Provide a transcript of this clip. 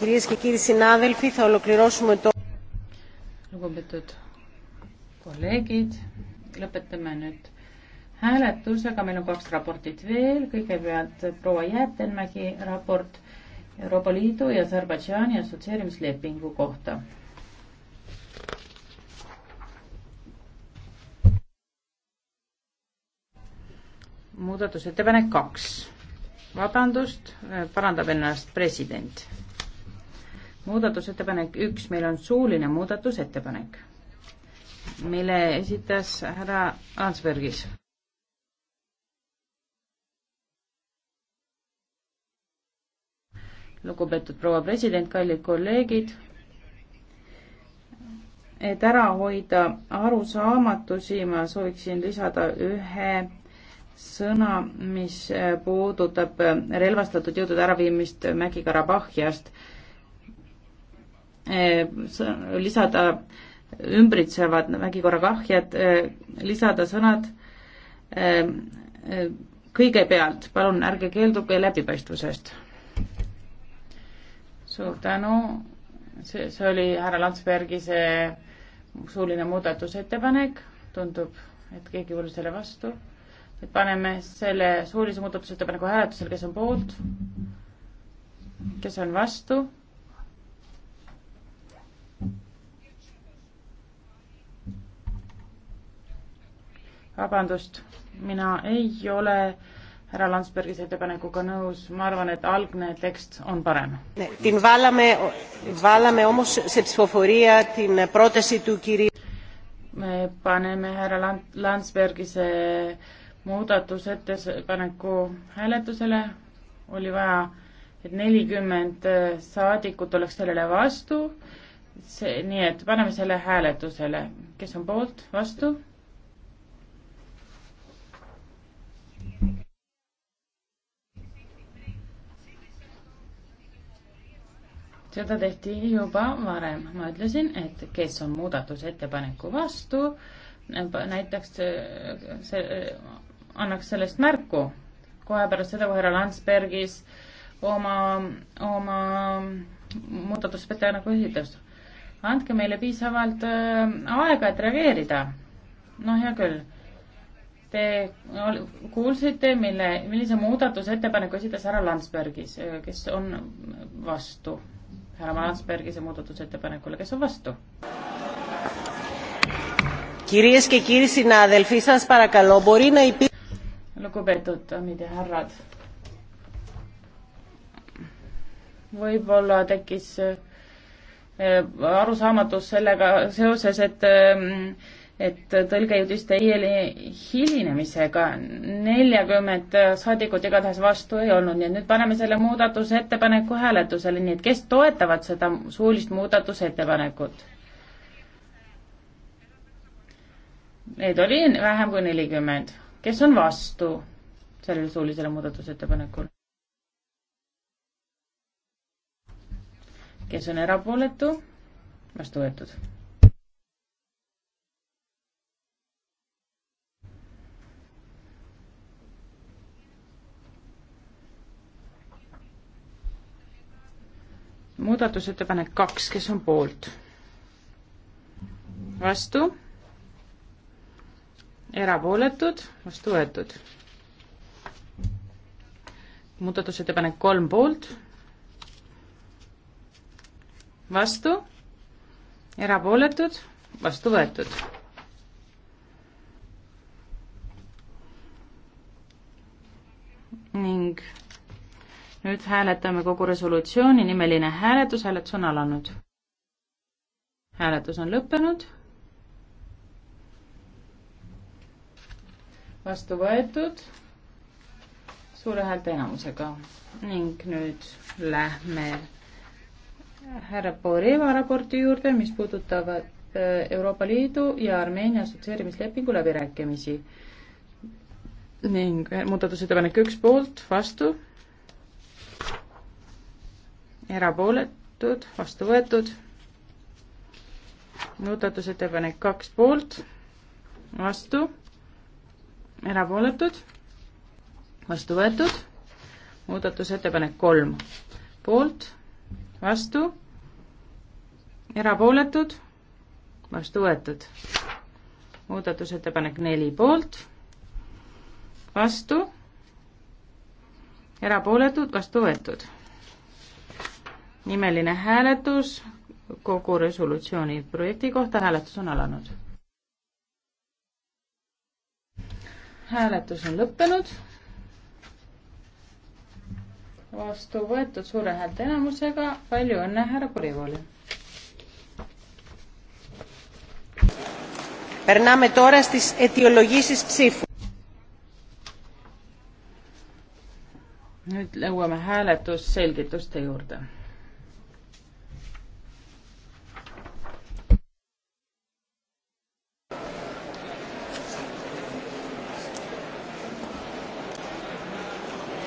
Κυρίες και κύριοι συνάδελφοι, θα ολοκληρώσουμε το... Lugupeetud kolleegid, lõpetame nüüd hääletusega. Meil on kaks raportit veel. Kõigepealt proua Jäätenmägi raport Euroopa Liidu ja Aserbaidžaani assotsieerimislepingu kohta. muudatusettepanek kaks. vabandust, parandab ennast president muudatusettepanek üks, meil on suuline muudatusettepanek, mille esitas härra Ansbergis. lugupeetud proua president, kallid kolleegid, et ära hoida arusaamatusi, ma sooviksin lisada ühe sõna, mis puudutab relvastatud jõudude äraviimist Mägi-Karabahhiast äh, lisada ümbritsevad vägikorrakahjad, lisada sõnad kõigepealt, palun ärge keelduge läbipaistvusest. suur tänu, see, see oli härra Landsbergi see suuline muudatusettepanek, tundub, et keegi ei ole selle vastu. et paneme selle suulise muudatusettepaneku hääletusele, kes on poolt, kes on vastu vabandust, mina ei ole härra Landsbergis ettepanekuga nõus, ma arvan, et algne tekst on parem. me paneme härra Landsbergise muudatusettepaneku hääletusele, oli vaja, et nelikümmend saadikut oleks sellele vastu, see, nii et paneme selle hääletusele, kes on poolt, vastu seda tehti juba varem, ma ütlesin, et kes on muudatusettepaneku vastu, näiteks äh, see, äh, annaks sellest märku kohe pärast seda, kui härra Landsbergis oma, oma muudatusettepaneku esitas. andke meile piisavalt äh, aega, et reageerida. no hea küll Te kuulsite, mille, millise muudatusettepaneku esitas härra Landsbergis, kes on vastu härra Mansbergise muudatusettepanekule, kes on vastu? lugupeetud daamid ja härrad, võib-olla tekkis äh, arusaamatus sellega seoses, et ähm, et tõlge jõudis täieli hilinemisega, neljakümmet saadikut igatahes vastu ei olnud, nii et nüüd paneme selle muudatusettepaneku hääletusele, nii et kes toetavad seda suulist muudatusettepanekut? Neid oli vähem kui nelikümmend, kes on vastu sellele suulisele muudatusettepanekule? kes on erapooletu, vastu võetud muudatusettepanek kaks, kes on poolt? vastu? erapooletud, vastu võetud. muudatusettepanek kolm poolt, vastu, erapooletud, vastu võetud. ning nüüd hääletame kogu resolutsiooni, nimeline hääletus, hääletus on alanud. hääletus on lõppenud. vastu võetud suure häälteenamusega ning nüüd lähme härra Boreva raporti juurde, mis puudutavad äh, Euroopa Liidu ja Armeenia assotsieerimislepingu läbirääkimisi ning äh, muudatusettepanek üks poolt, vastu erapooletud, vastu võetud. muudatusettepanek kaks poolt, vastu, erapooletud, vastu võetud. muudatusettepanek kolm poolt, vastu, erapooletud, vastu võetud. muudatusettepanek neli poolt, vastu, erapooletud, vastu võetud nimeline hääletus kogu resolutsiooni projekti kohta, hääletus on alanud. hääletus on lõppenud. vastu võetud suure häälteenamusega, palju õnne härra Purivoli. Περνάμε τώρα στις αιτιολογήσεις ψήφου. Nüüd jõuame hääletusselgituste juurde.